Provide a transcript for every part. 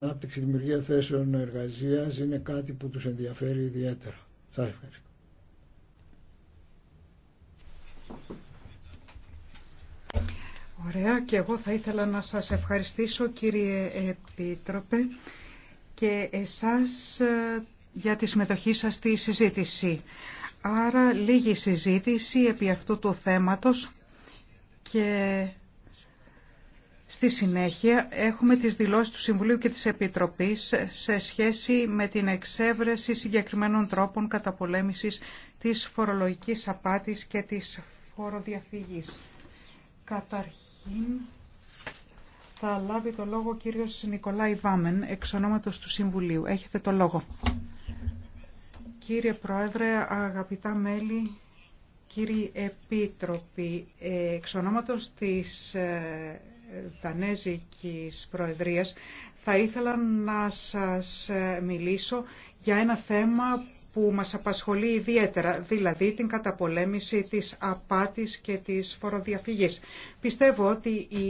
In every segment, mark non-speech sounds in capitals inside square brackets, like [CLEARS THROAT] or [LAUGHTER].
ανάπτυξη δημιουργία θέσεων εργασία είναι κάτι που τους ενδιαφέρει ιδιαίτερα. Σα ευχαριστώ. Ωραία και εγώ θα ήθελα να σας ευχαριστήσω κύριε Επίτροπε και εσάς ε, για τη συμμετοχή σας στη συζήτηση. Άρα λίγη συζήτηση επί αυτού του θέματος και Στη συνέχεια έχουμε τις δηλώσεις του Συμβουλίου και της Επιτροπής σε σχέση με την εξέβρεση συγκεκριμένων τρόπων καταπολέμησης της φορολογικής απάτης και της φοροδιαφυγής. Καταρχήν θα λάβει το λόγο ο κύριος Νικολάη Βάμεν, εξ ονόματος του Συμβουλίου. Έχετε το λόγο. Κύριε Πρόεδρε, αγαπητά μέλη, κύριοι Επίτροποι, εξ ονόματος της ε, Δανέζικης Προεδρίας θα ήθελα να σας μιλήσω για ένα θέμα που μας απασχολεί ιδιαίτερα, δηλαδή την καταπολέμηση της απάτης και της φοροδιαφυγής. Πιστεύω ότι η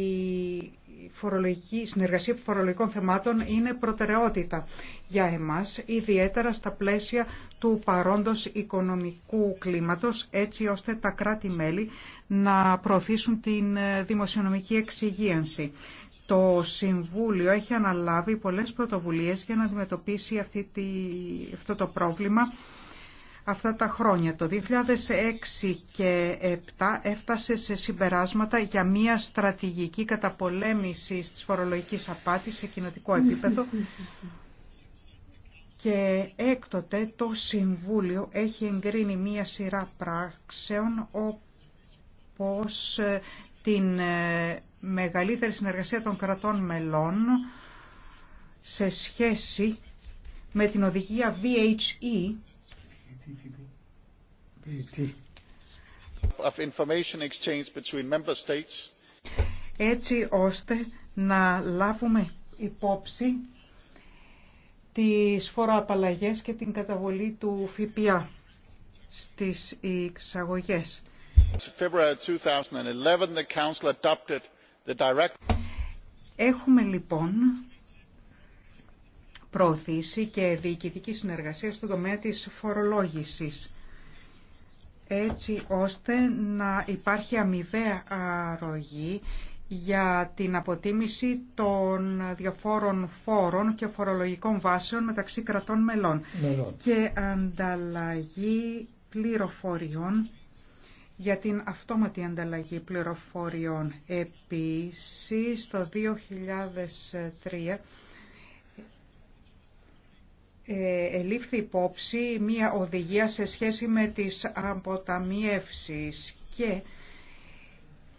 η συνεργασία φορολογικών θεμάτων είναι προτεραιότητα για εμάς, ιδιαίτερα στα πλαίσια του παρόντος οικονομικού κλίματος, έτσι ώστε τα κράτη-μέλη να προωθήσουν την ε, δημοσιονομική εξυγίανση. Το Συμβούλιο έχει αναλάβει πολλές πρωτοβουλίες για να αντιμετωπίσει αυτή τη, αυτό το πρόβλημα αυτά τα χρόνια. Το 2006 και 2007 έφτασε σε συμπεράσματα για μια στρατηγική καταπολέμηση της φορολογικής απάτης σε κοινοτικό επίπεδο και έκτοτε το Συμβούλιο έχει εγκρίνει μία σειρά πράξεων όπως ε, την ε, μεγαλύτερη συνεργασία των κρατών μελών σε σχέση με την οδηγία VHE έτσι ώστε να λάβουμε υπόψη τις φοροαπαλλαγές και την καταβολή του ΦΠΑ στις εξαγωγές. Έχουμε λοιπόν προωθήσει και διοικητική συνεργασία στον τομέα της φορολόγησης έτσι ώστε να υπάρχει αμοιβαία αρρωγή για την αποτίμηση των διαφόρων φόρων και φορολογικών βάσεων μεταξύ κρατών μελών και ανταλλαγή πληροφοριών για την αυτόματη ανταλλαγή πληροφοριών. Επίσης, το 2003 ε, ελήφθη υπόψη μία οδηγία σε σχέση με τις αποταμιεύσεις και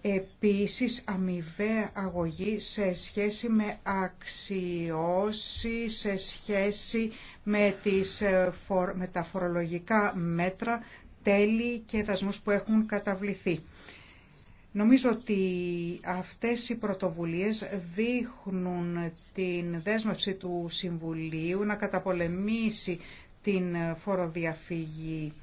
επίσης αμοιβαία αγωγή σε σχέση με αξιώσει, σε σχέση με, τις, ε, με τα φορολογικά μέτρα, τέλη και δασμούς που έχουν καταβληθεί. Νομίζω ότι αυτές οι πρωτοβουλίες δείχνουν την δέσμευση του Συμβουλίου να καταπολεμήσει την φοροδιαφύγη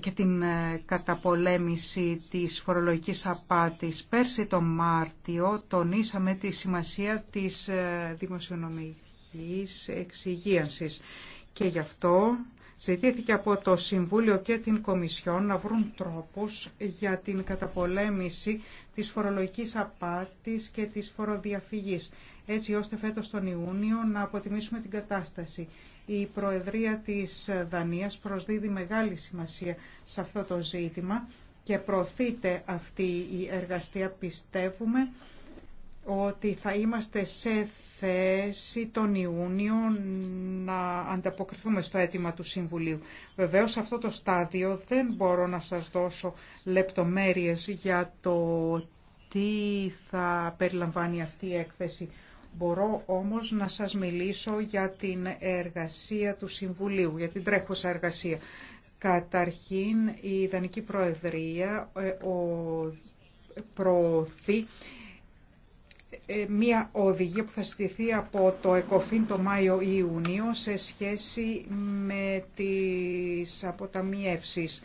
και την ε, καταπολέμηση της φορολογικής απάτης. Πέρσι το Μάρτιο τονίσαμε τη σημασία της ε, δημοσιονομικής εξυγίανσης και γι' αυτό Ζητήθηκε από το Συμβούλιο και την Κομισιόν να βρουν τρόπους για την καταπολέμηση της φορολογικής απάτης και της φοροδιαφυγής, έτσι ώστε φέτος τον Ιούνιο να αποτιμήσουμε την κατάσταση. Η Προεδρία της Δανίας προσδίδει μεγάλη σημασία σε αυτό το ζήτημα και προωθείται αυτή η εργαστία. Πιστεύουμε ότι θα είμαστε σε θέση τον Ιούνιο να ανταποκριθούμε στο αίτημα του Συμβουλίου. Βεβαίως σε αυτό το στάδιο δεν μπορώ να σας δώσω λεπτομέρειες για το τι θα περιλαμβάνει αυτή η έκθεση. Μπορώ όμως να σας μιλήσω για την εργασία του Συμβουλίου, για την τρέχουσα εργασία. Καταρχήν η Ιδανική Προεδρία ε, ο, προωθεί ε, μία οδηγία που θα στηθεί από το ΕΚΟΦΗΝ το Μάιο-Ιουνίο σε σχέση με τις αποταμιεύσεις.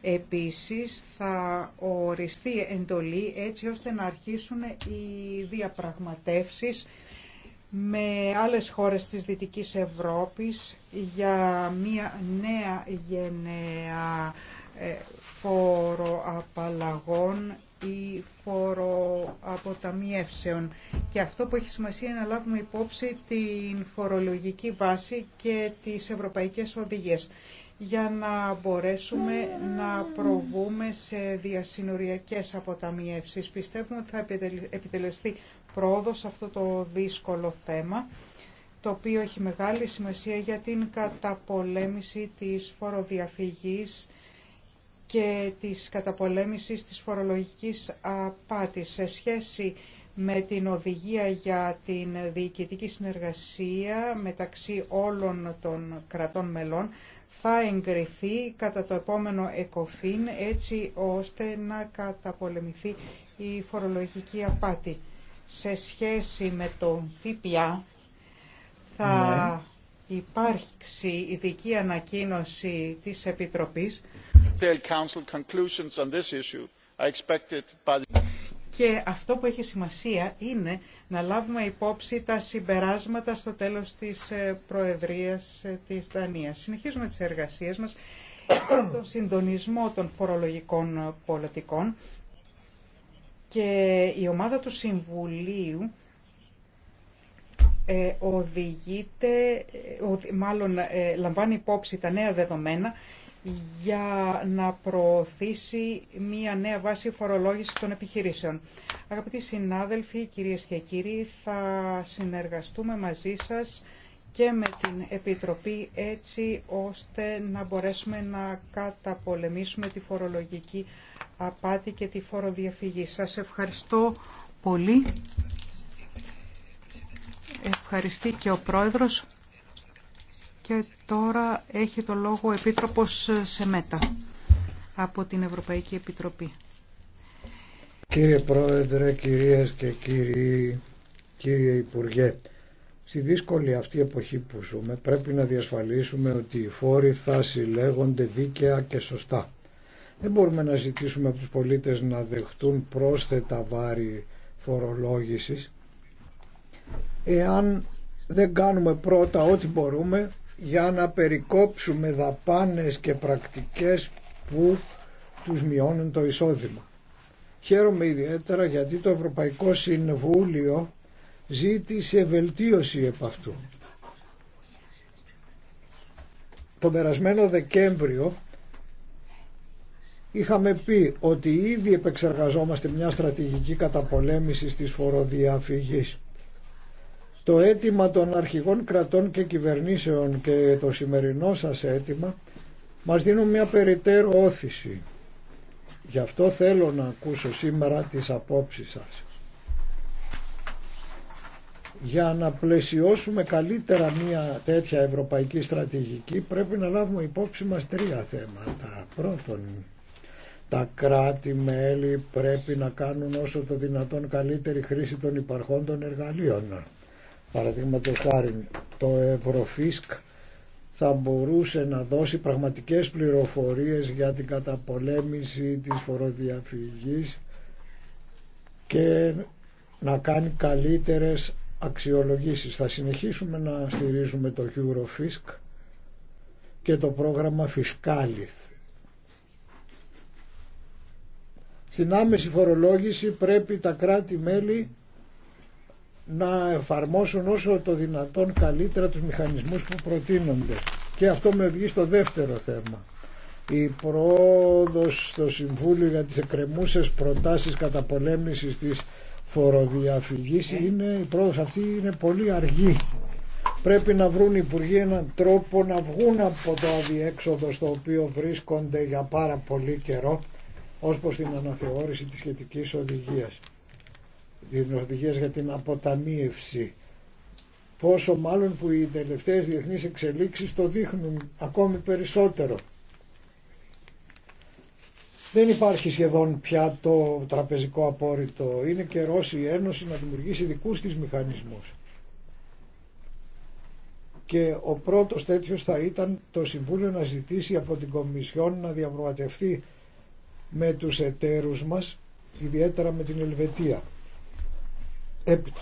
Επίσης θα οριστεί εντολή έτσι ώστε να αρχίσουν οι διαπραγματεύσεις με άλλες χώρες της Δυτικής Ευρώπης για μία νέα γενεά φοροαπαλλαγών ή φοροαποταμιεύσεων. Και αυτό που έχει σημασία είναι να λάβουμε υπόψη την φορολογική βάση και τις ευρωπαϊκές οδηγίες για να μπορέσουμε να προβούμε σε διασυνοριακές αποταμιεύσεις. Πιστεύουμε ότι θα επιτελεστεί πρόοδος σε αυτό το δύσκολο θέμα, το οποίο έχει μεγάλη σημασία για την καταπολέμηση της φοροδιαφυγής και της καταπολέμησης της φορολογικής απάτης σε σχέση με την οδηγία για την διοικητική συνεργασία μεταξύ όλων των κρατών μελών θα εγκριθεί κατά το επόμενο ΕΚΟΦΗΝ έτσι ώστε να καταπολεμηθεί η φορολογική απάτη. Σε σχέση με τον ΦΠΑ θα ναι. υπάρξει ειδική ανακοίνωση της Επιτροπής και αυτό που έχει σημασία είναι να λάβουμε υπόψη τα συμπεράσματα στο τέλος της ε, Προεδρίας ε, της Δανίας. Συνεχίζουμε τις εργασίες μας για τον συντονισμό των φορολογικών πολιτικών και η ομάδα του Συμβουλίου ε, οδηγείται, μάλλον λαμβάνει υπόψη τα νέα δεδομένα για να προωθήσει μία νέα βάση φορολόγησης των επιχειρήσεων. Αγαπητοί συνάδελφοι, κυρίες και κύριοι, θα συνεργαστούμε μαζί σας και με την Επιτροπή έτσι ώστε να μπορέσουμε να καταπολεμήσουμε τη φορολογική απάτη και τη φοροδιαφυγή. Σας ευχαριστώ πολύ. Ευχαριστεί και ο Πρόεδρος. Και τώρα έχει το λόγο ο Επίτροπος Σεμέτα από την Ευρωπαϊκή Επιτροπή. Κύριε Πρόεδρε, κυρίες και κύριοι, κύριε Υπουργέ, στη δύσκολη αυτή εποχή που ζούμε πρέπει να διασφαλίσουμε ότι οι φόροι θα συλλέγονται δίκαια και σωστά. Δεν μπορούμε να ζητήσουμε από τους πολίτες να δεχτούν πρόσθετα βάρη φορολόγησης εάν δεν κάνουμε πρώτα ό,τι μπορούμε για να περικόψουμε δαπάνες και πρακτικές που τους μειώνουν το εισόδημα. Χαίρομαι ιδιαίτερα γιατί το Ευρωπαϊκό Συμβούλιο ζήτησε βελτίωση επ' αυτού. Το περασμένο Δεκέμβριο είχαμε πει ότι ήδη επεξεργαζόμαστε μια στρατηγική καταπολέμηση της φοροδιαφυγής το αίτημα των αρχηγών κρατών και κυβερνήσεων και το σημερινό σας αίτημα μας δίνουν μια περιττέρω όθηση. Γι' αυτό θέλω να ακούσω σήμερα τις απόψεις σας. Για να πλαισιώσουμε καλύτερα μια τέτοια ευρωπαϊκή στρατηγική πρέπει να λάβουμε υπόψη μας τρία θέματα. Πρώτον, τα κράτη-μέλη πρέπει να κάνουν όσο το δυνατόν καλύτερη χρήση των υπαρχών των εργαλείων. Παραδείγματο χάρη το Ευρωφίσκ θα μπορούσε να δώσει πραγματικές πληροφορίες για την καταπολέμηση της φοροδιαφυγής και να κάνει καλύτερες αξιολογήσεις. Θα συνεχίσουμε να στηρίζουμε το Eurofisk και το πρόγραμμα Fiscalith. Στην άμεση φορολόγηση πρέπει τα κράτη-μέλη να εφαρμόσουν όσο το δυνατόν καλύτερα τους μηχανισμούς που προτείνονται. Και αυτό με βγει στο δεύτερο θέμα. Η πρόοδος στο Συμβούλιο για τις εκκρεμούσες προτάσεις καταπολέμησης της φοροδιαφυγής ναι. είναι, η πρόοδος αυτή είναι πολύ αργή. Πρέπει να βρουν οι υπουργοί έναν τρόπο να βγουν από το αδιέξοδο στο οποίο βρίσκονται για πάρα πολύ καιρό ως προς την αναθεώρηση της σχετικής οδηγίας την για την αποταμίευση. Πόσο μάλλον που οι τελευταίες διεθνείς εξελίξεις το δείχνουν ακόμη περισσότερο. Δεν υπάρχει σχεδόν πια το τραπεζικό απόρριτο. Είναι καιρό η Ένωση να δημιουργήσει δικούς της μηχανισμούς. Και ο πρώτος τέτοιος θα ήταν το Συμβούλιο να ζητήσει από την Κομισιόν να διαπραγματευτεί με τους εταίρους μας, ιδιαίτερα με την Ελβετία. Έπειτα.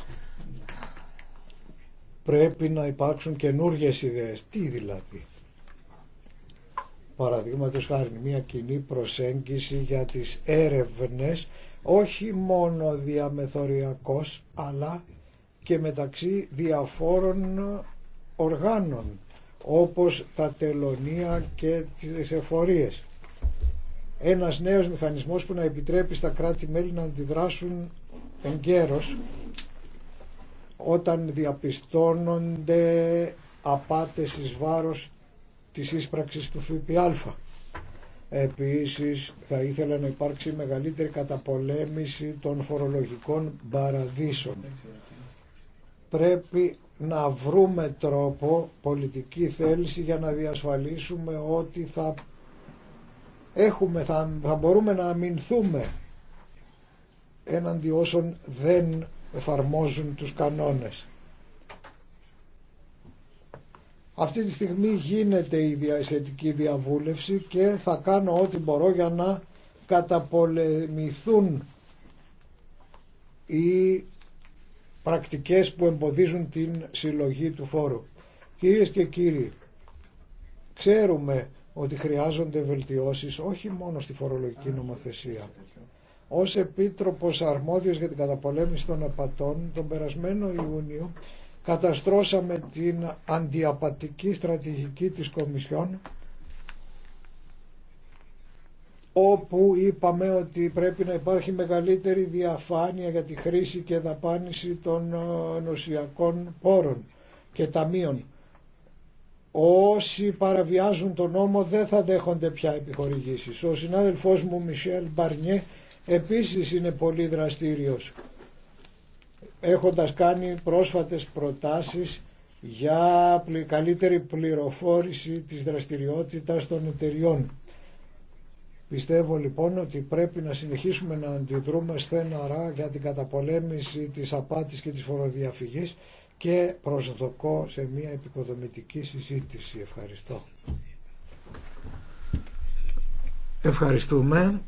Πρέπει να υπάρξουν καινούργιε ιδέε. Τι δηλαδή. Παραδείγματο χάρη μια κοινή προσέγγιση για τις έρευνες όχι μόνο διαμεθοριακός αλλά και μεταξύ διαφόρων οργάνων όπως τα τελωνία και τις εφορίες. Ένας νέος μηχανισμός που να επιτρέπει στα κράτη-μέλη να αντιδράσουν εγκαίρως όταν διαπιστώνονται απάτες εις βάρος της ίσπραξης του ΦΠΑ. Επίσης θα ήθελα να υπάρξει μεγαλύτερη καταπολέμηση των φορολογικών παραδείσων. Πρέπει να βρούμε τρόπο πολιτική θέληση για να διασφαλίσουμε ότι θα έχουμε, θα, θα μπορούμε να αμυνθούμε έναντι όσων δεν εφαρμόζουν τους κανόνες. Αυτή τη στιγμή γίνεται η σχετική διαβούλευση και θα κάνω ό,τι μπορώ για να καταπολεμηθούν οι πρακτικές που εμποδίζουν την συλλογή του φόρου. Κυρίες και κύριοι, ξέρουμε ότι χρειάζονται βελτιώσεις όχι μόνο στη φορολογική νομοθεσία ως Επίτροπος Αρμόδιος για την καταπολέμηση των απατών, τον περασμένο Ιούνιο καταστρώσαμε την αντιαπατική στρατηγική της Κομισιόν όπου είπαμε ότι πρέπει να υπάρχει μεγαλύτερη διαφάνεια για τη χρήση και δαπάνηση των ε, νοσιακών πόρων και ταμείων. Όσοι παραβιάζουν τον νόμο δεν θα δέχονται πια επιχορηγήσεις. Ο συνάδελφός μου Μισελ Μπαρνιέ επίσης είναι πολύ δραστήριος έχοντας κάνει πρόσφατες προτάσεις για καλύτερη πληροφόρηση της δραστηριότητας των εταιριών. Πιστεύω λοιπόν ότι πρέπει να συνεχίσουμε να αντιδρούμε στεναρά για την καταπολέμηση της απάτης και της φοροδιαφυγής και προσδοκώ σε μια επικοδομητική συζήτηση. Ευχαριστώ. Ευχαριστούμε.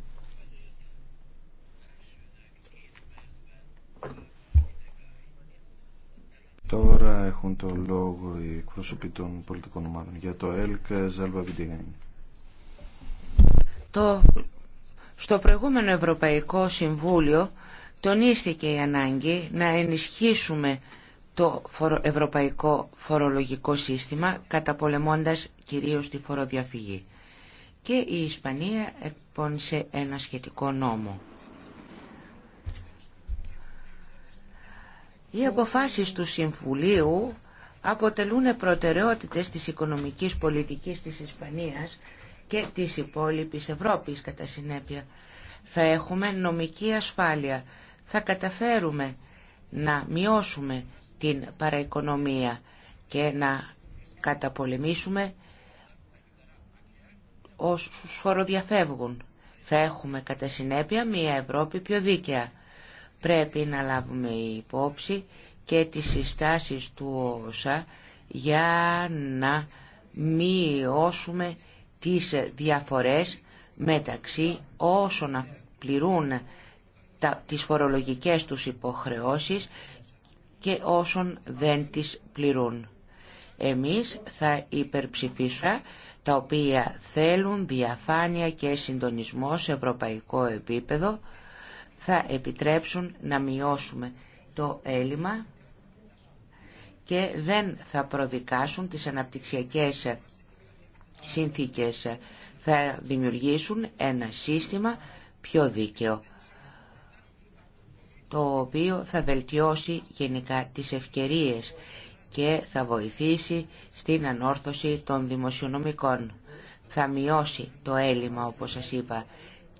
Τώρα έχουν το λόγο οι εκπρόσωποι των πολιτικών ομάδων για το ΕΛΚ Ζάλβα Το... Στο προηγούμενο Ευρωπαϊκό Συμβούλιο τονίστηκε η ανάγκη να ενισχύσουμε το ευρωπαϊκό φορολογικό σύστημα καταπολεμώντας κυρίως τη φοροδιαφυγή. Και η Ισπανία εκπώνησε ένα σχετικό νόμο. Οι αποφάσεις του Συμβουλίου αποτελούν προτεραιότητες της οικονομικής πολιτικής της Ισπανίας και της υπόλοιπης Ευρώπης κατά συνέπεια. Θα έχουμε νομική ασφάλεια. Θα καταφέρουμε να μειώσουμε την παραοικονομία και να καταπολεμήσουμε όσους φοροδιαφεύγουν. Θα έχουμε κατά συνέπεια μια Ευρώπη πιο δίκαια. Πρέπει να λάβουμε υπόψη και τις συστάσεις του ΩΣΑ για να μειώσουμε τις διαφορές μεταξύ όσων πληρούν τα, τις φορολογικές τους υποχρεώσεις και όσων δεν τις πληρούν. Εμείς θα υπερψηφίσουμε τα οποία θέλουν διαφάνεια και συντονισμό σε ευρωπαϊκό επίπεδο θα επιτρέψουν να μειώσουμε το έλλειμμα και δεν θα προδικάσουν τις αναπτυξιακές συνθήκες. Θα δημιουργήσουν ένα σύστημα πιο δίκαιο το οποίο θα βελτιώσει γενικά τις ευκαιρίες και θα βοηθήσει στην ανόρθωση των δημοσιονομικών. Θα μειώσει το έλλειμμα, όπως σας είπα,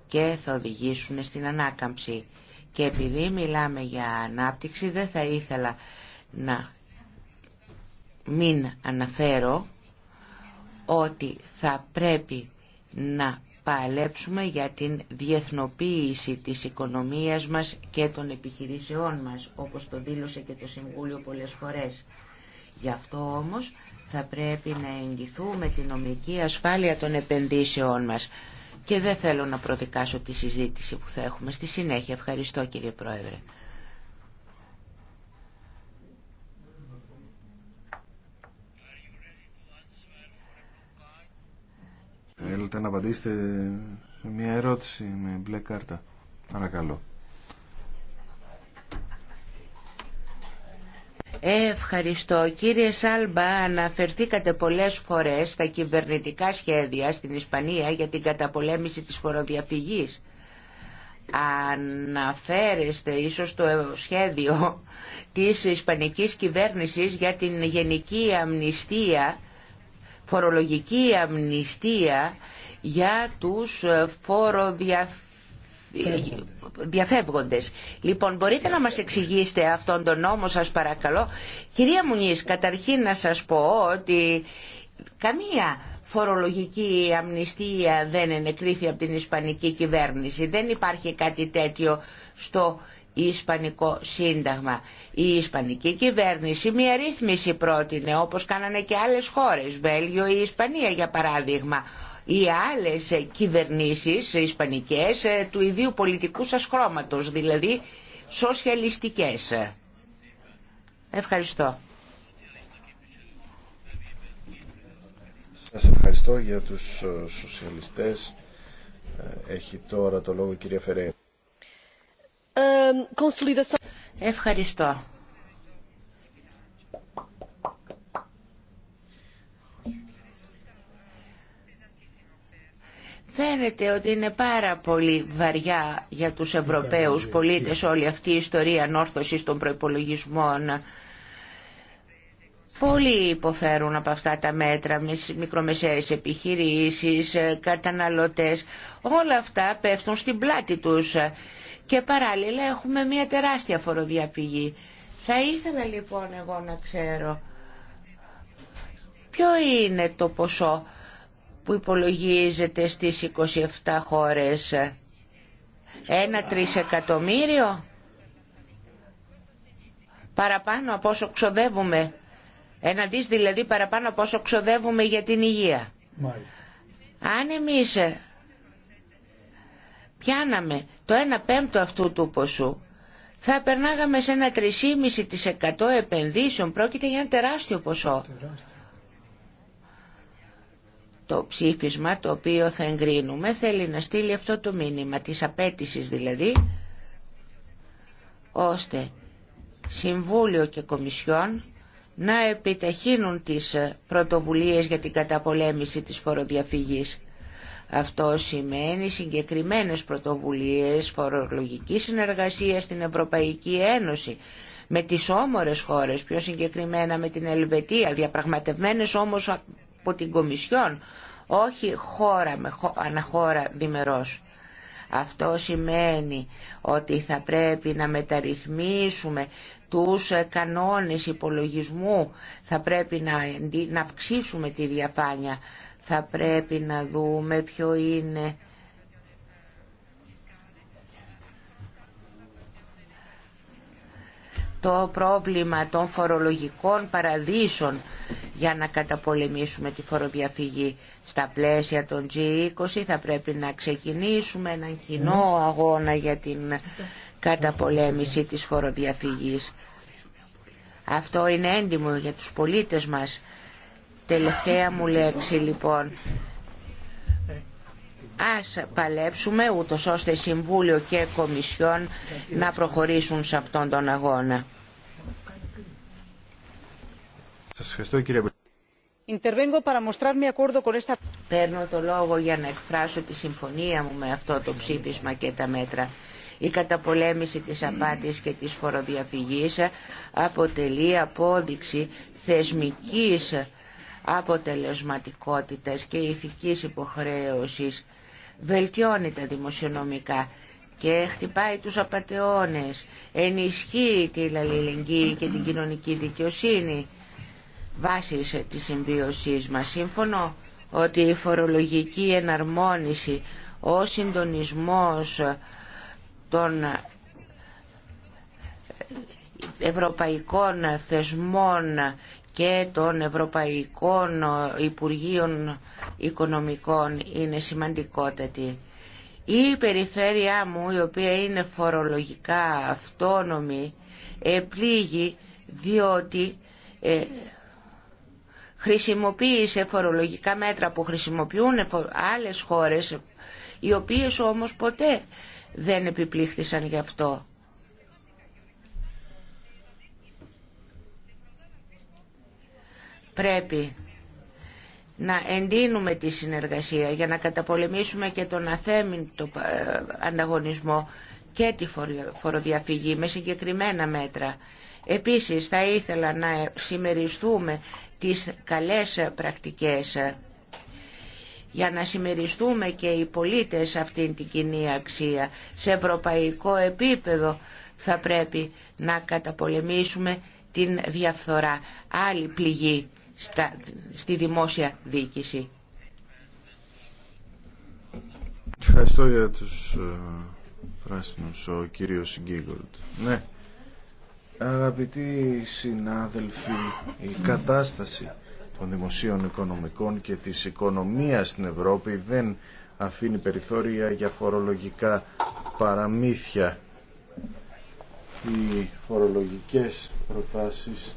και θα οδηγήσουν στην ανάκαμψη. Και επειδή μιλάμε για ανάπτυξη, δεν θα ήθελα να μην αναφέρω ότι θα πρέπει να παλέψουμε για την διεθνοποίηση της οικονομίας μας και των επιχειρήσεών μας, όπως το δήλωσε και το Συμβούλιο πολλές φορές. Γι' αυτό όμως θα πρέπει να εγγυθούμε την νομική ασφάλεια των επενδύσεών μας. Και δεν θέλω να προδικάσω τη συζήτηση που θα έχουμε στη συνέχεια. Ευχαριστώ κύριε Πρόεδρε. Θέλετε να απαντήσετε σε μια ερώτηση με μπλε κάρτα. Παρακαλώ. Ευχαριστώ. Κύριε Σάλμπα, αναφερθήκατε πολλές φορές στα κυβερνητικά σχέδια στην Ισπανία για την καταπολέμηση της φοροδιαφυγής. Αναφέρεστε ίσως το σχέδιο της Ισπανικής κυβέρνησης για την γενική αμνηστία φορολογική αμνηστία για τους ε, φοροδιαφεύγοντες. Λοιπόν, μπορείτε να μας εξηγήσετε αυτόν τον νόμο σας παρακαλώ. Κυρία Μουνής, καταρχήν να σας πω ότι καμία φορολογική αμνηστία δεν ενεκρίθη από την Ισπανική κυβέρνηση. Δεν υπάρχει κάτι τέτοιο στο Ισπανικό Σύνταγμα. Η Ισπανική κυβέρνηση μια ρύθμιση πρότεινε όπως κάνανε και άλλες χώρες, Βέλγιο ή Ισπανία για παράδειγμα. Οι άλλες κυβερνήσεις ισπανικές ε, του ιδίου πολιτικού σας χρώματος, δηλαδή σοσιαλιστικές. Ευχαριστώ. Σας ευχαριστώ για τους ε, σοσιαλιστές. Ε, έχει τώρα το λόγο η κυρία Φεραίρα. Ευχαριστώ. Φαίνεται ότι είναι πάρα πολύ βαριά για τους Ευρωπαίους πολίτες όλη αυτή η ιστορία ανόρθωσης των προϋπολογισμών Πολλοί υποφέρουν από αυτά τα μέτρα, μικρομεσαίες επιχειρήσεις, ε, καταναλωτές, όλα αυτά πέφτουν στην πλάτη τους και παράλληλα έχουμε μια τεράστια φοροδιαπηγή. Θα ήθελα λοιπόν εγώ να ξέρω ποιο είναι το ποσό που υπολογίζεται στις 27 χώρες. Ένα τρισεκατομμύριο παραπάνω από όσο ξοδεύουμε ένα δις δηλαδή παραπάνω από όσο ξοδεύουμε για την υγεία. Μάλιστα. Αν εμείς ε, πιάναμε το 1 πέμπτο αυτού του ποσού, θα περνάγαμε σε ένα 3,5% επενδύσεων. Πρόκειται για ένα τεράστιο ποσό. Το ψήφισμα το οποίο θα εγκρίνουμε θέλει να στείλει αυτό το μήνυμα της απέτηση δηλαδή, ώστε Συμβούλιο και Κομισιόν να επιταχύνουν τις πρωτοβουλίες για την καταπολέμηση της φοροδιαφυγής. Αυτό σημαίνει συγκεκριμένες πρωτοβουλίες φορολογικής συνεργασίας στην Ευρωπαϊκή Ένωση με τις όμορες χώρες, πιο συγκεκριμένα με την Ελβετία, διαπραγματευμένες όμως από την Κομισιόν, όχι χώρα με αναχώρα διμερός. Αυτό σημαίνει ότι θα πρέπει να μεταρρυθμίσουμε τους ε, κανόνες υπολογισμού. Θα πρέπει να, να αυξήσουμε τη διαφάνεια. Θα πρέπει να δούμε ποιο είναι... το πρόβλημα των φορολογικών παραδείσων για να καταπολεμήσουμε τη φοροδιαφυγή. Στα πλαίσια των G20 θα πρέπει να ξεκινήσουμε έναν κοινό αγώνα για την καταπολέμηση της φοροδιαφυγής. Αυτό είναι έντιμο για τους πολίτες μας. Τελευταία μου λέξη λοιπόν. Ας παλέψουμε ούτως ώστε Συμβούλιο και Κομισιόν να προχωρήσουν σε αυτόν τον αγώνα. Σας Παίρνω το λόγο για να εκφράσω τη συμφωνία μου με αυτό το ψήφισμα και τα μέτρα. Η καταπολέμηση της απάτης και της φοροδιαφυγής αποτελεί απόδειξη θεσμικής αποτελεσματικότητας και ηθικής υποχρέωσης. Βελτιώνει τα δημοσιονομικά και χτυπάει τους απατεώνες. Ενισχύει την αλληλεγγύη και την κοινωνική δικαιοσύνη βάσεις της συμβίωσής μας. Σύμφωνο ότι η φορολογική εναρμόνιση, ο συντονισμός των ευρωπαϊκών θεσμών και των Ευρωπαϊκών Υπουργείων Οικονομικών είναι σημαντικότατη. Η περιφέρειά μου, η οποία είναι φορολογικά αυτόνομη, επλήγει διότι ε, χρησιμοποίησε φορολογικά μέτρα που χρησιμοποιούν άλλες χώρες οι οποίες όμως ποτέ δεν επιπλήχθησαν γι' αυτό. Πρέπει να εντείνουμε τη συνεργασία για να καταπολεμήσουμε και τον αθέμητο ε, ανταγωνισμό και τη φοροδιαφυγή με συγκεκριμένα μέτρα. Επίσης θα ήθελα να συμμεριστούμε τις καλές πρακτικές για να συμμεριστούμε και οι πολίτες αυτήν την κοινή αξία. Σε ευρωπαϊκό επίπεδο θα πρέπει να καταπολεμήσουμε την διαφθορά, άλλη πληγή στη δημόσια διοίκηση. Ευχαριστώ για τους ε, πράσινους, ο κύριος Γκίγκολτ. Ναι, Αγαπητοί συνάδελφοι, η κατάσταση των δημοσίων οικονομικών και της οικονομίας στην Ευρώπη δεν αφήνει περιθώρια για φορολογικά παραμύθια. Οι φορολογικές προτάσεις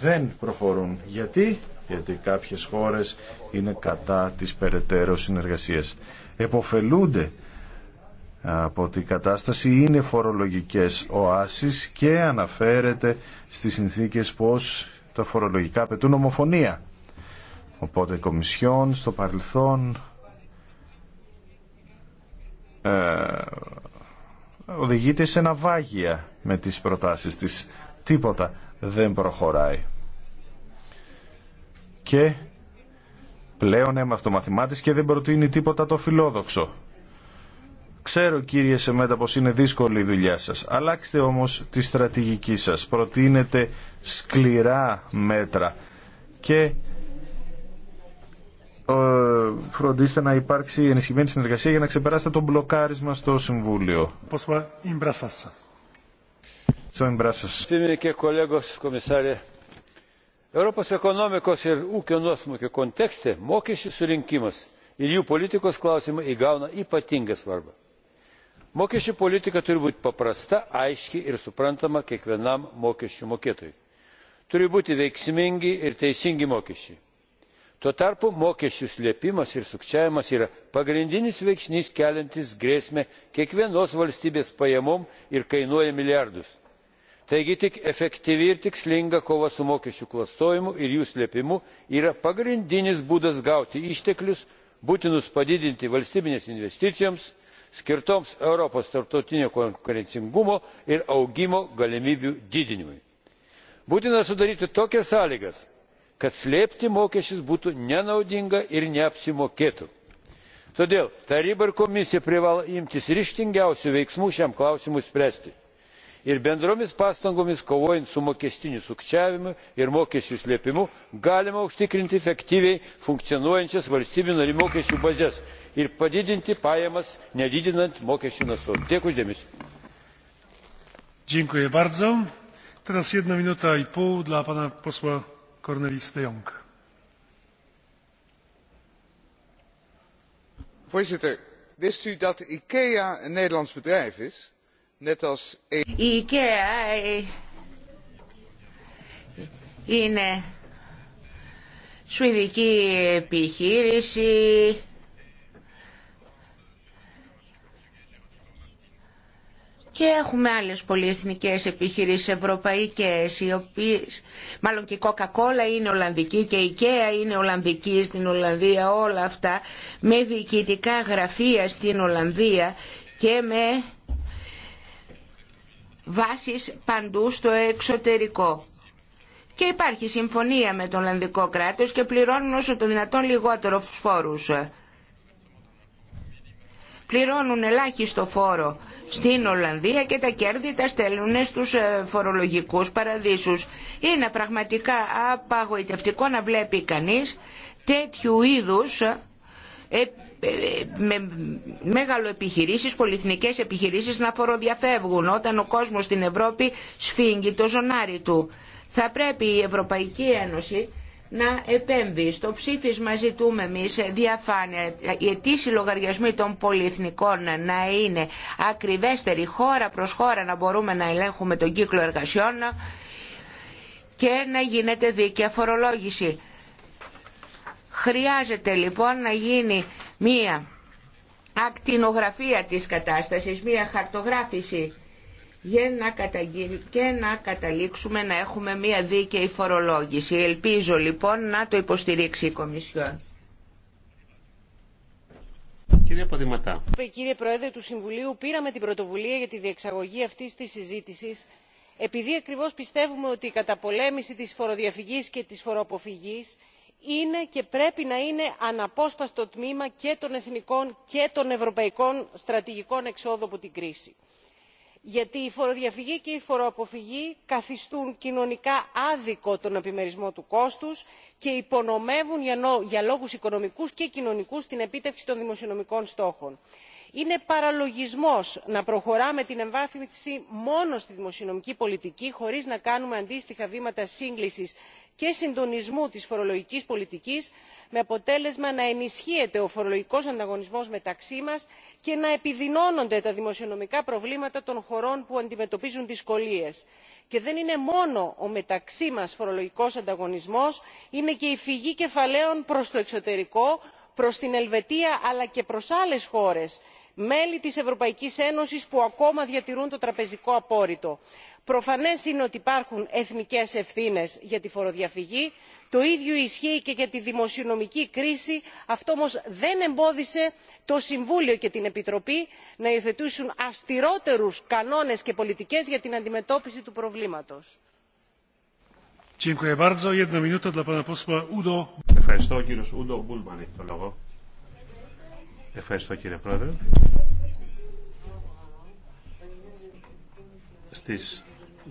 δεν προχωρούν. Γιατί? Γιατί κάποιες χώρες είναι κατά της περαιτέρω συνεργασίας. Εποφελούνται από την κατάσταση είναι φορολογικές οάσεις και αναφέρεται στις συνθήκες πως τα φορολογικά απαιτούν ομοφωνία. Οπότε κομισιόν στο παρελθόν ε, οδηγείται σε ναυάγια με τις προτάσεις της. Τίποτα δεν προχωράει. Και πλέον έμαθω μαθημάτης και δεν προτείνει τίποτα το φιλόδοξο. Ξέρω κύριε Σεμέτα πως είναι δύσκολη η δουλειά σας. Αλλάξτε όμως τη στρατηγική σας. Προτείνετε σκληρά μέτρα και ε, φροντίστε να υπάρξει ενισχυμένη συνεργασία για να ξεπεράσετε το μπλοκάρισμα στο Συμβούλιο. Europos ekonomikos ir ūkio nuosmukio kontekste mokesčių surinkimas ir jų politikos klausimai įgauna ypatingą svarbą mokesčių politika turi būti paprasta aiški ir suprantama kiekvienam mokesčių mokėtojui. turi būti veiksmingi ir teisingi mokesčiai. tuo tarpu mokesčių slėpimas ir sukčiavimas yra pagrindinis veiksnys keliantis grėsmę kiekvienos valstybės pajamoms ir kainuoja milijardus. taigi tik efektyvi ir tikslinga kova su mokesčių klastojimu ir jų slėpimu yra pagrindinis būdas gauti išteklius būtinus padidinti valstybinės investicijoms skirtoms europos tarptautinio konkurencingumo ir augimo galimybių didinimui. būtina sudaryti tokias sąlygas kad slėpti mokesčius būtų nenaudinga ir neapsimokėtų. todėl taryba ir komisija privalo imtis ryžtingiausių veiksmų šiam klausimui spręsti ir bendromis pastangomis kovojant su mokestiniu sukčiavimu ir mokesčių slėpimu galima užtikrinti efektyviai funkcionuojančias valstybių narių mokesčių bazes ir padidinti pajamas nedidinant mokesčių naštos. Tiek uždėmesi. Dziękuję bardzo. Teraz jedna minuta i pół dla pana posła Cornelis de Jong. Voorzitter, wist u dat IKEA een Nederlands bedrijf is? Net als... IKEA is είναι σουηδική επιχείρηση Και έχουμε άλλες πολυεθνικές επιχειρήσεις ευρωπαϊκές, οι οποίες, μάλλον και η Coca-Cola είναι Ολλανδική και η IKEA είναι Ολλανδική στην Ολλανδία, όλα αυτά με διοικητικά γραφεία στην Ολλανδία και με βάσεις παντού στο εξωτερικό. Και υπάρχει συμφωνία με το Ολλανδικό κράτος και πληρώνουν όσο το δυνατόν λιγότερο φόρους πληρώνουν ελάχιστο φόρο στην Ολλανδία και τα κέρδη τα στέλνουν στους ε, φορολογικούς παραδείσους. Είναι πραγματικά απαγοητευτικό να βλέπει κανείς τέτοιου είδους ε, ε, με μεγάλο επιχειρήσεις, πολυεθνικές επιχειρήσεις να φοροδιαφεύγουν όταν ο κόσμος στην Ευρώπη σφίγγει το ζωνάρι του. Θα πρέπει η Ευρωπαϊκή Ένωση να επέμβει. Στο ψήφισμα ζητούμε εμεί διαφάνεια. Οι ετήσιοι λογαριασμοί των πολυεθνικών να είναι ακριβέστερη χώρα προ χώρα να μπορούμε να ελέγχουμε τον κύκλο εργασιών και να γίνεται δίκαια φορολόγηση. Χρειάζεται λοιπόν να γίνει μία ακτινογραφία της κατάστασης, μία χαρτογράφηση και να καταλήξουμε να έχουμε μια δίκαιη φορολόγηση. Ελπίζω λοιπόν να το υποστηρίξει η Κομισιόν. Κύριε Ποδηματά. Κύριε Πρόεδρε του Συμβουλίου, πήραμε την πρωτοβουλία για τη διεξαγωγή αυτής της συζήτησης επειδή ακριβώς πιστεύουμε ότι η καταπολέμηση της φοροδιαφυγής και της φοροαποφυγής είναι και πρέπει να είναι αναπόσπαστο τμήμα και των εθνικών και των ευρωπαϊκών στρατηγικών εξόδου από την κρίση γιατί η φοροδιαφυγή και η φοροαποφυγή καθιστούν κοινωνικά άδικο τον επιμερισμό του κόστους και υπονομεύουν για λόγου οικονομικούς και κοινωνικούς την επίτευξη των δημοσιονομικών στόχων. είναι παραλογισμός να προχωράμε την εμβάθυνση μόνο στη δημοσιονομική πολιτική χωρίς να κάνουμε αντίστοιχα βήματα σύγκλησης και συντονισμού της φορολογικής πολιτικής με αποτέλεσμα να ενισχύεται ο φορολογικός ανταγωνισμός μεταξύ μας και να επιδεινώνονται τα δημοσιονομικά προβλήματα των χωρών που αντιμετωπίζουν δυσκολίες. και δεν είναι μόνο ο μεταξύ μας φορολογικός ανταγωνισμός είναι και η φυγή κεφαλαίων προς το εξωτερικό προς την ελβετία αλλά και προς άλλες χώρες μέλη της ευρωπαϊκής ένωσης που ακόμα διατηρούν το τραπεζικό απόρριτο. προφανές είναι ότι υπάρχουν εθνικές ευθύνες για τη φοροδιαφυγή το ίδιο ισχύει και για τη δημοσιονομική κρίση αυτό όμως δεν εμπόδισε το συμβούλιο και την επιτροπή να υιοθετήσουν αυστηρότερους κανόνες και πολιτικές για την αντιμετώπιση του προβλήματος. Ευχαριστώ κύριε Πρόεδρε. Στις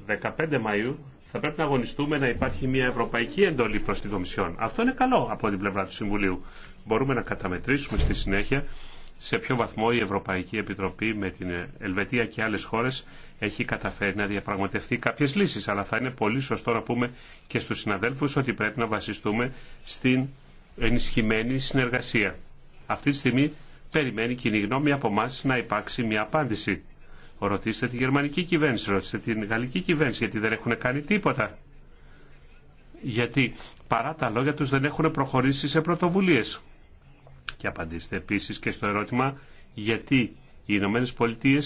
15 Μαΐου θα πρέπει να αγωνιστούμε να υπάρχει μια ευρωπαϊκή εντολή προς την Κομισιόν. Αυτό είναι καλό από την πλευρά του Συμβουλίου. Μπορούμε να καταμετρήσουμε στη συνέχεια σε ποιο βαθμό η Ευρωπαϊκή Επιτροπή με την Ελβετία και άλλες χώρες έχει καταφέρει να διαπραγματευτεί κάποιες λύσεις. Αλλά θα είναι πολύ σωστό να πούμε και στους συναδέλφους ότι πρέπει να βασιστούμε στην ενισχυμένη συνεργασία. Αυτή τη στιγμή περιμένει κοινή γνώμη από εμά να υπάρξει μια απάντηση. Ρωτήστε τη γερμανική κυβέρνηση, ρωτήστε την γαλλική κυβέρνηση, γιατί δεν έχουν κάνει τίποτα. Γιατί παρά τα λόγια τους δεν έχουν προχωρήσει σε πρωτοβουλίες. Και απαντήστε επίσης και στο ερώτημα γιατί οι Ηνωμένε Πολιτείε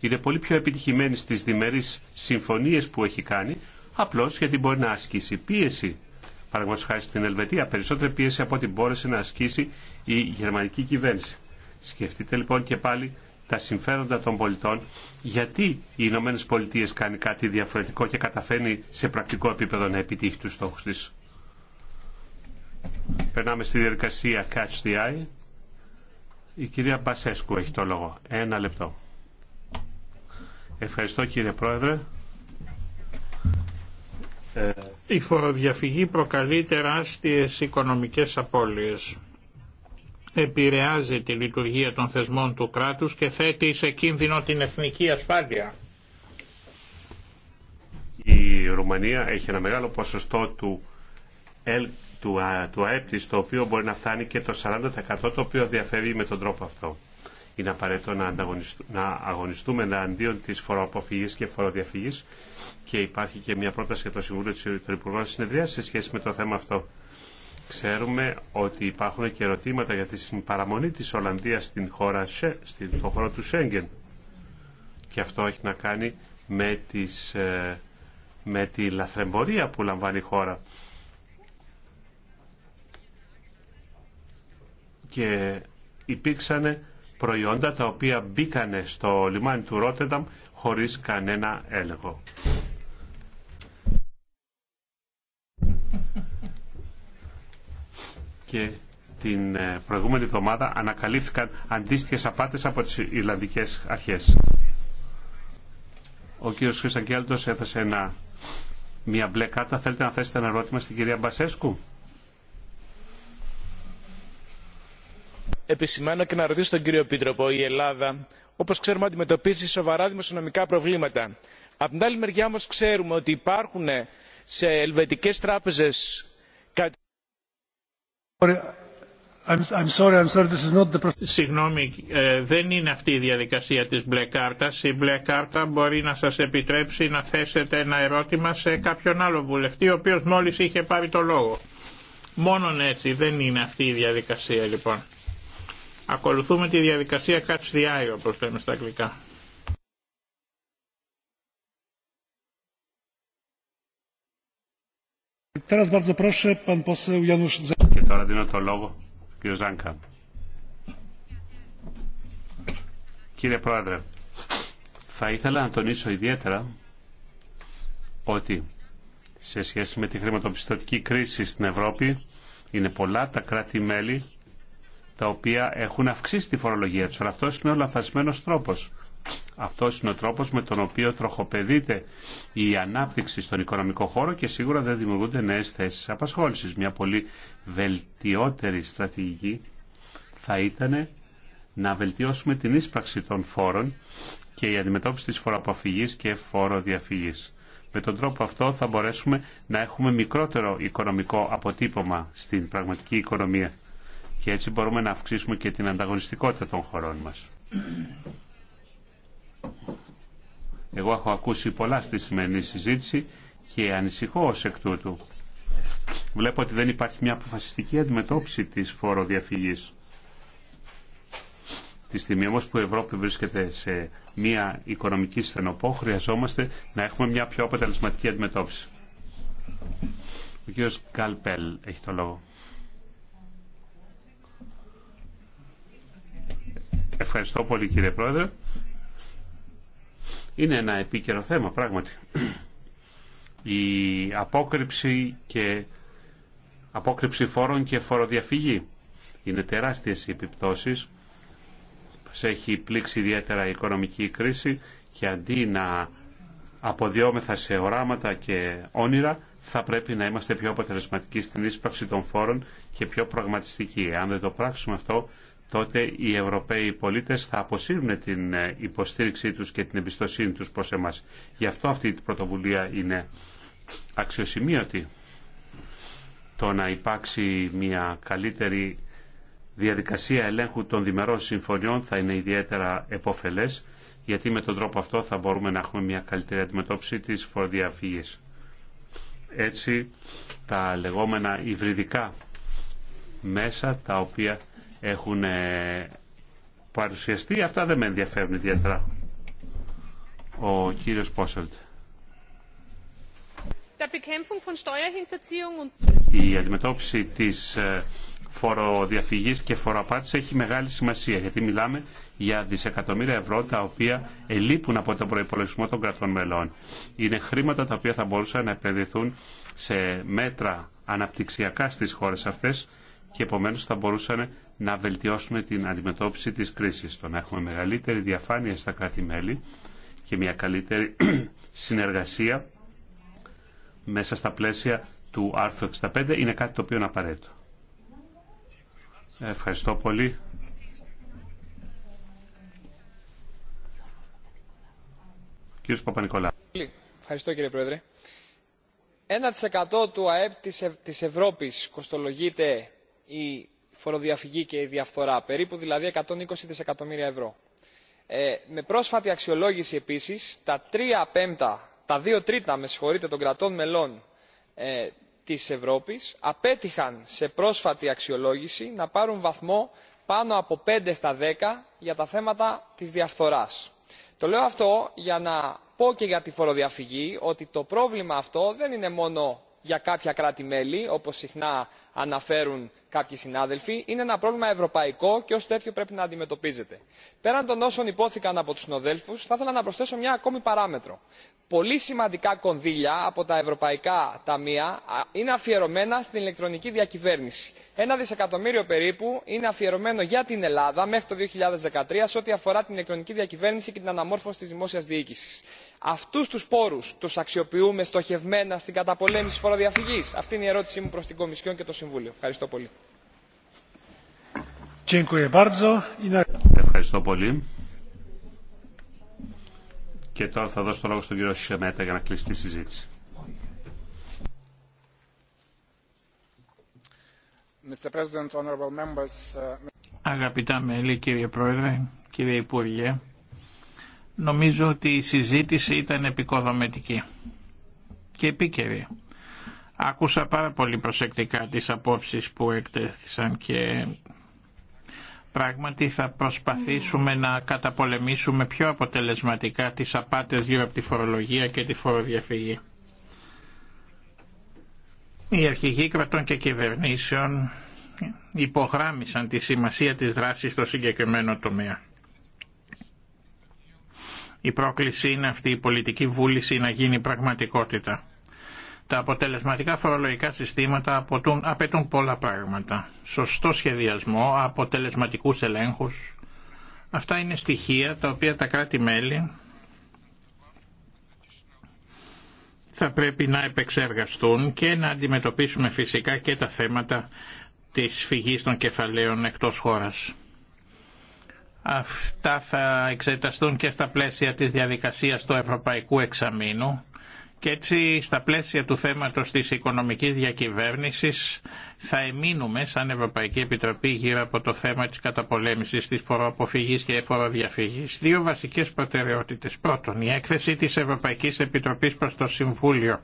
είναι πολύ πιο επιτυχημένοι στις διμερείς συμφωνίες που έχει κάνει, απλώς γιατί μπορεί να ασκήσει πίεση παραδείγματο χάρη στην Ελβετία, περισσότερη πίεση από ό,τι μπόρεσε να ασκήσει η γερμανική κυβέρνηση. Σκεφτείτε λοιπόν και πάλι τα συμφέροντα των πολιτών, γιατί οι Ηνωμένε Πολιτείε κάνει κάτι διαφορετικό και καταφέρνει σε πρακτικό επίπεδο να επιτύχει του στόχους της. Περνάμε στη διαδικασία Catch the Eye. Η κυρία Μπασέσκου έχει το λόγο. Ένα λεπτό. Ευχαριστώ κύριε Πρόεδρε. Ε, Η φοροδιαφυγή προκαλεί τεράστιες οικονομικές απώλειες. Επηρεάζει τη λειτουργία των θεσμών του κράτους και θέτει σε κίνδυνο την εθνική ασφάλεια. Η Ρουμανία έχει ένα μεγάλο ποσοστό του, ελ, του, το οποίο μπορεί να φτάνει και το 40% το οποίο διαφέρει με τον τρόπο αυτό. Είναι απαραίτητο να, να αγωνιστούμε εναντίον τη φοροαποφυγή και φοροδιαφυγή και υπάρχει και μια πρόταση για το Συμβούλιο των Υπουργών Συνεδρία σε σχέση με το θέμα αυτό. Ξέρουμε ότι υπάρχουν και ερωτήματα για τη παραμονή της Ολλανδίας στην χώρα, στον χώρο του Σέγγεν. Και αυτό έχει να κάνει με, τις, ε, με τη λαθρεμπορία που λαμβάνει η χώρα. Και υπήρξαν προϊόντα τα οποία μπήκανε στο λιμάνι του Ρότερνταμ χωρίς κανένα έλεγχο. Και την ε, προηγούμενη εβδομάδα ανακαλύφθηκαν αντίστοιχες απάτες από τις Ιρλανδικές αρχές. Ο κύριος Χρυσαγκέλτος έθεσε ένα, μια μπλε κάρτα. Θέλετε να θέσετε ένα ερώτημα στην κυρία Μπασέσκου. επισημάνω και να ρωτήσω τον κύριο επίτροπο η ελλάδα όπω ξέρουμε αντιμετωπίζει σοβαρά δημοσιονομικά προβλήματα. από την άλλη μεριά όμω ξέρουμε ότι υπάρχουν σε ελβετικέ τράπεζε Συγγνώμη, ε, δεν είναι αυτή η διαδικασία της μπλε κάρτας. Η μπλε κάρτα μπορεί να σας επιτρέψει να θέσετε ένα ερώτημα σε κάποιον άλλο βουλευτή, ο οποίος μόλις είχε πάρει το λόγο. Μόνον έτσι, δεν είναι αυτή η διαδικασία λοιπόν. Ακολουθούμε τη διαδικασία catch the eye, όπως λέμε στα αγγλικά. Και τώρα δίνω το λόγο, κύριο Ζάνκα. Κύριε Πρόεδρε, θα ήθελα να τονίσω ιδιαίτερα ότι σε σχέση με τη χρηματοπιστωτική κρίση στην Ευρώπη είναι πολλά τα κράτη-μέλη τα οποία έχουν αυξήσει τη φορολογία τους. Αλλά αυτός είναι ο λαφασμένο τρόπος. Αυτός είναι ο τρόπος με τον οποίο τροχοπεδείται η ανάπτυξη στον οικονομικό χώρο και σίγουρα δεν δημιουργούνται νέε θέσει απασχόλησης. Μια πολύ βελτιότερη στρατηγική θα ήταν να βελτιώσουμε την ίσπραξη των φόρων και η αντιμετώπιση της φοροαποφυγής και φοροδιαφυγής. Με τον τρόπο αυτό θα μπορέσουμε να έχουμε μικρότερο οικονομικό αποτύπωμα στην πραγματική οικονομία και έτσι μπορούμε να αυξήσουμε και την ανταγωνιστικότητα των χωρών μας. Εγώ έχω ακούσει πολλά στη σημερινή συζήτηση και ανησυχώ ως εκ τούτου. Βλέπω ότι δεν υπάρχει μια αποφασιστική αντιμετώπιση της φοροδιαφυγής. Τη στιγμή όμως που η Ευρώπη βρίσκεται σε μια οικονομική στενοπό, χρειαζόμαστε να έχουμε μια πιο αποτελεσματική αντιμετώπιση. Ο κύριος Καλπέλ έχει το λόγο. Ευχαριστώ πολύ κύριε Πρόεδρε. Είναι ένα επίκαιρο θέμα πράγματι. Η απόκρυψη, και... απόκρυψη φόρων και φοροδιαφυγή είναι τεράστιες οι επιπτώσεις. Σε έχει πλήξει ιδιαίτερα η οικονομική κρίση και αντί να αποδιόμεθα σε οράματα και όνειρα, θα πρέπει να είμαστε πιο αποτελεσματικοί στην ίσπραξη των φόρων και πιο πραγματιστικοί. Αν δεν το πράξουμε αυτό, τότε οι Ευρωπαίοι πολίτες θα αποσύρουν την ε, υποστήριξή τους και την εμπιστοσύνη τους προς εμάς. Γι' αυτό αυτή η πρωτοβουλία είναι αξιοσημείωτη. Το να υπάρξει μια καλύτερη διαδικασία ελέγχου των διμερών συμφωνιών θα είναι ιδιαίτερα επωφελές, γιατί με τον τρόπο αυτό θα μπορούμε να έχουμε μια καλύτερη αντιμετώπιση της φοροδιαφύγης. Έτσι, τα λεγόμενα υβριδικά μέσα, τα οποία έχουν ε, παρουσιαστεί. Αυτά δεν με ενδιαφέρουν ιδιαίτερα. Ο κύριος Πόσελτ. Η αντιμετώπιση της ε, φοροδιαφυγής και φοροαπάτης έχει μεγάλη σημασία γιατί μιλάμε για δισεκατομμύρια ευρώ τα οποία ελείπουν από τον προϋπολογισμό των κρατών μελών. Είναι χρήματα τα οποία θα μπορούσαν να επενδυθούν σε μέτρα αναπτυξιακά στις χώρες αυτές και επομένως θα μπορούσαν να βελτιώσουν την αντιμετώπιση της κρίσης. Το να έχουμε μεγαλύτερη διαφάνεια στα κράτη-μέλη και μια καλύτερη [CLEARS THROAT] συνεργασία μέσα στα πλαίσια του άρθρου 65 είναι κάτι το οποίο είναι απαραίτητο. Ευχαριστώ πολύ. Κύριος Παπα-Νικολά. Ευχαριστώ κύριε Πρόεδρε. 1% του ΑΕΠ της, Ευρώπης κοστολογείται η φοροδιαφυγή και η διαφθορά περίπου δηλαδή 120 δισεκατομμύρια ευρώ. Ε, με πρόσφατη αξιολόγηση επίσης τα, 3 πέμπτα, τα 2 τρίτα με των κρατών μελών ε, της Ευρώπης απέτυχαν σε πρόσφατη αξιολόγηση να πάρουν βαθμό πάνω από 5 στα 10 για τα θέματα της διαφθοράς. Το λέω αυτό για να πω και για τη φοροδιαφυγή ότι το πρόβλημα αυτό δεν είναι μόνο για κάποια κράτη μέλη όπως συχνά αναφέρουν κάποιοι συνάδελφοι είναι ένα πρόβλημα ευρωπαϊκό και ω τέτοιο πρέπει να αντιμετωπίζεται. πέραν των όσων υπόθηκαν από του συναδέλφου θα ήθελα να προσθέσω μια ακόμη παράμετρο πολύ σημαντικά κονδύλια από τα ευρωπαϊκά ταμεία είναι αφιερωμένα στην ηλεκτρονική διακυβέρνηση. ένα δισεκατομμύριο περίπου είναι αφιερωμένο για την ελλάδα μέχρι το 2013... σε ό,τι αφορά την ηλεκτρονική διακυβέρνηση και την αναμόρφωση τη δημόσια διοίκηση. αυτού του πόρου του αξιοποιούμε στοχευμένα στην καταπολέμηση τη φοροδιαφυγή; αυτή είναι η ερώτησή μου προ την κομισιόν και το συμβούλιο. Ευχαριστώ πολύ. Ευχαριστώ πολύ. Και τώρα θα δώσω το λόγο στον κύριο Σεμέτα για να κλείσει τη συζήτηση. Uh, Αγαπητά μέλη, κύριε Πρόεδρε, κύριε Υπουργέ, νομίζω ότι η συζήτηση ήταν επικοδομητική και επίκαιρη. Άκουσα πάρα πολύ προσεκτικά τις απόψεις που εκτέθησαν και πράγματι θα προσπαθήσουμε να καταπολεμήσουμε πιο αποτελεσματικά τις απάτες γύρω από τη φορολογία και τη φοροδιαφυγή. Οι αρχηγοί κρατών και κυβερνήσεων υπογράμμισαν τη σημασία της δράσης στο συγκεκριμένο τομέα. Η πρόκληση είναι αυτή η πολιτική βούληση να γίνει πραγματικότητα. Τα αποτελεσματικά φορολογικά συστήματα αποτούν, απαιτούν πολλά πράγματα. Σωστό σχεδιασμό, αποτελεσματικούς ελέγχους. Αυτά είναι στοιχεία τα οποία τα κράτη-μέλη θα πρέπει να επεξεργαστούν και να αντιμετωπίσουμε φυσικά και τα θέματα της φυγής των κεφαλαίων εκτός χώρας. Αυτά θα εξεταστούν και στα πλαίσια της διαδικασίας του Ευρωπαϊκού Εξαμήνου και έτσι στα πλαίσια του θέματος της οικονομικής διακυβέρνησης θα εμείνουμε σαν Ευρωπαϊκή Επιτροπή γύρω από το θέμα της καταπολέμησης της φοροαποφυγής και φοροδιαφυγής. Δύο βασικές προτεραιότητες. Πρώτον, η έκθεση της Ευρωπαϊκής Επιτροπής προς το Συμβούλιο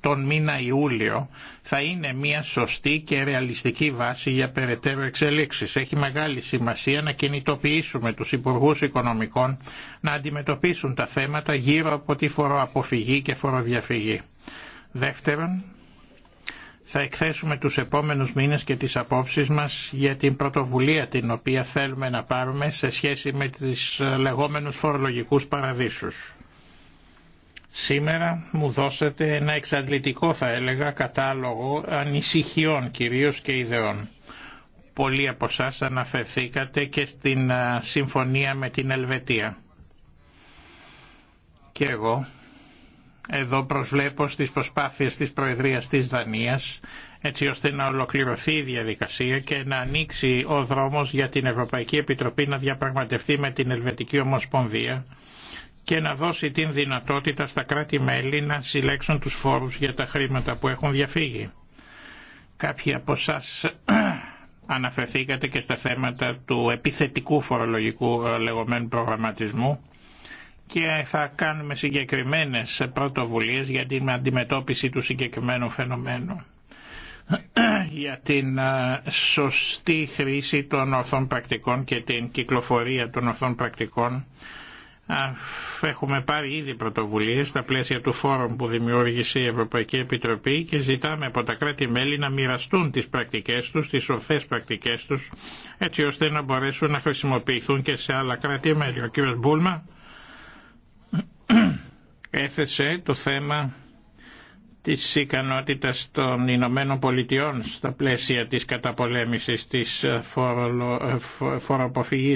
τον μήνα Ιούλιο θα είναι μια σωστή και ρεαλιστική βάση για περαιτέρω εξελίξεις. Έχει μεγάλη σημασία να κινητοποιήσουμε τους Υπουργούς Οικονομικών να αντιμετωπίσουν τα θέματα γύρω από τη φοροαποφυγή και φοροδιαφυγή. Δεύτερον, θα εκθέσουμε τους επόμενους μήνες και τις απόψεις μας για την πρωτοβουλία την οποία θέλουμε να πάρουμε σε σχέση με τις λεγόμενους φορολογικούς παραδείσους. Σήμερα μου δώσατε ένα εξαντλητικό θα έλεγα κατάλογο ανησυχιών κυρίως και ιδεών. Πολλοί από εσά αναφερθήκατε και στην συμφωνία με την Ελβετία. Και εγώ εδώ προσβλέπω στις προσπάθειες της Προεδρίας της Δανίας έτσι ώστε να ολοκληρωθεί η διαδικασία και να ανοίξει ο δρόμος για την Ευρωπαϊκή Επιτροπή να διαπραγματευτεί με την Ελβετική Ομοσπονδία και να δώσει την δυνατότητα στα κράτη-μέλη να συλλέξουν τους φόρους για τα χρήματα που έχουν διαφύγει. Κάποιοι από εσά [CLEARS THROAT] αναφερθήκατε και στα θέματα του επιθετικού φορολογικού ε, λεγόμενου προγραμματισμού και θα κάνουμε συγκεκριμένες πρωτοβουλίες για την αντιμετώπιση του συγκεκριμένου φαινομένου [CLEARS THROAT] για την σωστή χρήση των ορθών πρακτικών και την κυκλοφορία των ορθών πρακτικών. Έχουμε πάρει ήδη πρωτοβουλίες στα πλαίσια του φόρουμ που δημιούργησε η Ευρωπαϊκή Επιτροπή και ζητάμε από τα κράτη-μέλη να μοιραστούν τις πρακτικές τους, τις ορθές πρακτικές τους, έτσι ώστε να μπορέσουν να χρησιμοποιηθούν και σε άλλα κράτη-μέλη. Ο κ. Μπούλμα έθεσε το θέμα της ικανότητας των Ηνωμένων Πολιτειών στα πλαίσια της καταπολέμησης της φορολο...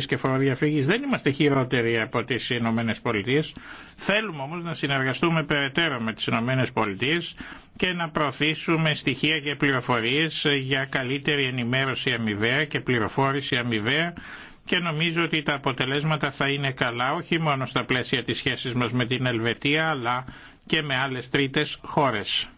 και φοροδιαφυγής. Δεν είμαστε χειρότεροι από τις Ηνωμένε Πολιτείε. Θέλουμε όμως να συνεργαστούμε περαιτέρω με τις Ηνωμένε Πολιτείε και να προωθήσουμε στοιχεία και πληροφορίες για καλύτερη ενημέρωση αμοιβαία και πληροφόρηση αμοιβαία και νομίζω ότι τα αποτελέσματα θα είναι καλά όχι μόνο στα πλαίσια της σχέσης μας με την Ελβετία αλλά και με άλλες τρίτες χώρες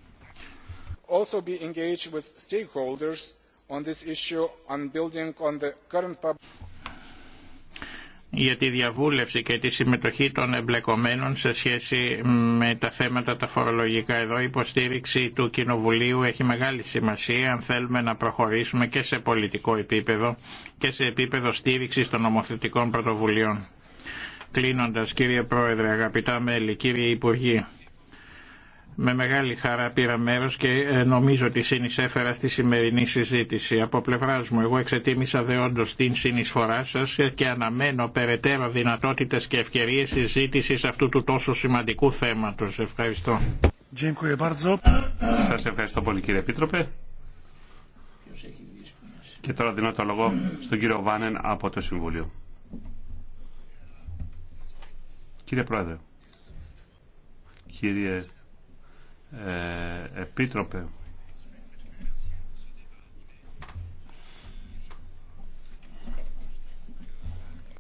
για τη διαβούλευση και τη συμμετοχή των εμπλεκομένων σε σχέση με τα θέματα τα φορολογικά. Εδώ η υποστήριξη του Κοινοβουλίου έχει μεγάλη σημασία αν θέλουμε να προχωρήσουμε και σε πολιτικό επίπεδο και σε επίπεδο στήριξης των νομοθετικών πρωτοβουλειών. Κλείνοντας κύριε Πρόεδρε, αγαπητά μέλη, κύριε Υπουργοί, με μεγάλη χαρά πήρα μέρο και ε, νομίζω ότι συνεισέφερα στη σημερινή συζήτηση. Από πλευρά μου, εγώ εξετίμησα δεόντως την συνεισφορά σα και αναμένω περαιτέρω δυνατότητε και ευκαιρίες συζήτηση αυτού του τόσο σημαντικού θέματος. Ευχαριστώ. Σα ευχαριστώ πολύ κύριε Επίτροπε. Και τώρα δίνω το λόγο στον κύριο Βάνεν από το Συμβούλιο. Κύριε Πρόεδρε, κύριε ε, επίτροπε.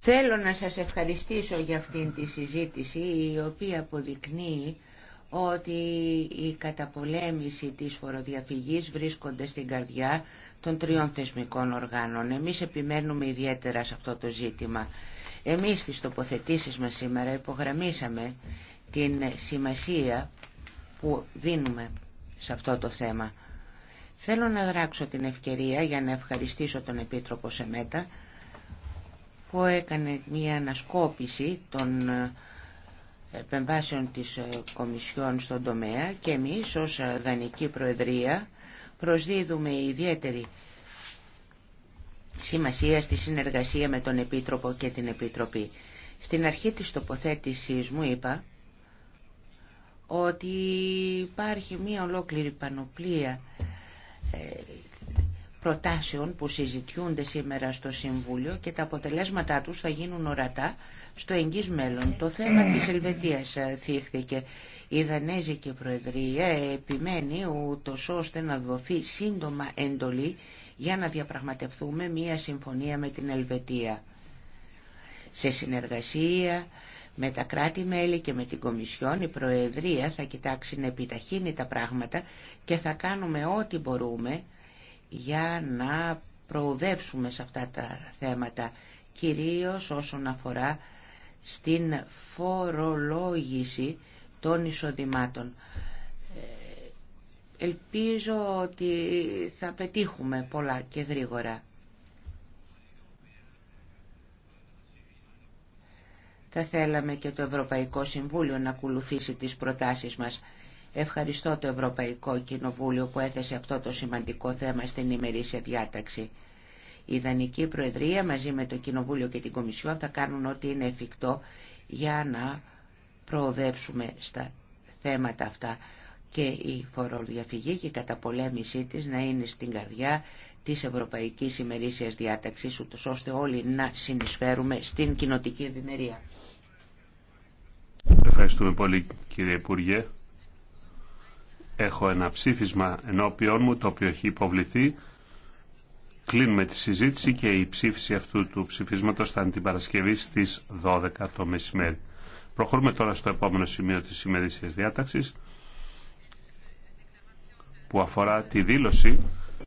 Θέλω να σας ευχαριστήσω για αυτήν τη συζήτηση η οποία αποδεικνύει ότι η καταπολέμηση της φοροδιαφυγής βρίσκονται στην καρδιά των τριών θεσμικών οργάνων. Εμείς επιμένουμε ιδιαίτερα σε αυτό το ζήτημα. Εμείς στις τοποθετήσεις μας σήμερα υπογραμμίσαμε την σημασία που δίνουμε σε αυτό το θέμα. Θέλω να δράξω την ευκαιρία για να ευχαριστήσω τον Επίτροπο Σεμέτα που έκανε μια ανασκόπηση των ε, επεμβάσεων της ε, Κομισιόν στον τομέα και εμείς ως ε, Δανική Προεδρία προσδίδουμε ιδιαίτερη σημασία στη συνεργασία με τον Επίτροπο και την Επιτροπή. Στην αρχή της τοποθέτησής μου είπα ότι υπάρχει μία ολόκληρη πανοπλία ε, προτάσεων που συζητιούνται σήμερα στο Συμβούλιο και τα αποτελέσματά τους θα γίνουν ορατά στο εγγύς μέλλον. Το θέμα της Ελβετίας ε, θύχθηκε. Η Δανέζικη Προεδρία επιμένει ούτω ώστε να δοθεί σύντομα εντολή για να διαπραγματευτούμε μία συμφωνία με την Ελβετία. Σε συνεργασία με τα κράτη-μέλη και με την Κομισιόν η Προεδρία θα κοιτάξει να επιταχύνει τα πράγματα και θα κάνουμε ό,τι μπορούμε για να προοδεύσουμε σε αυτά τα θέματα, κυρίως όσον αφορά στην φορολόγηση των εισοδημάτων. Ε, ελπίζω ότι θα πετύχουμε πολλά και γρήγορα. Θα θέλαμε και το Ευρωπαϊκό Συμβούλιο να ακολουθήσει τις προτάσεις μας. Ευχαριστώ το Ευρωπαϊκό Κοινοβούλιο που έθεσε αυτό το σημαντικό θέμα στην ημερήσια διάταξη. Η Δανική Προεδρία μαζί με το Κοινοβούλιο και την Κομισιόν θα κάνουν ό,τι είναι εφικτό για να προοδεύσουμε στα θέματα αυτά και η φοροδιαφυγή και η καταπολέμησή της να είναι στην καρδιά της Ευρωπαϊκής Ημερήσιας Διάταξης, ούτως ώστε όλοι να συνεισφέρουμε στην κοινοτική ευημερία. Ευχαριστούμε πολύ κύριε Υπουργέ. Έχω ένα ψήφισμα ενώπιον μου το οποίο έχει υποβληθεί. Κλείνουμε τη συζήτηση και η ψήφιση αυτού του ψηφίσματος θα είναι την Παρασκευή στις 12 το μεσημέρι. Προχωρούμε τώρα στο επόμενο σημείο της ημερήσιας διάταξης που αφορά τη δήλωση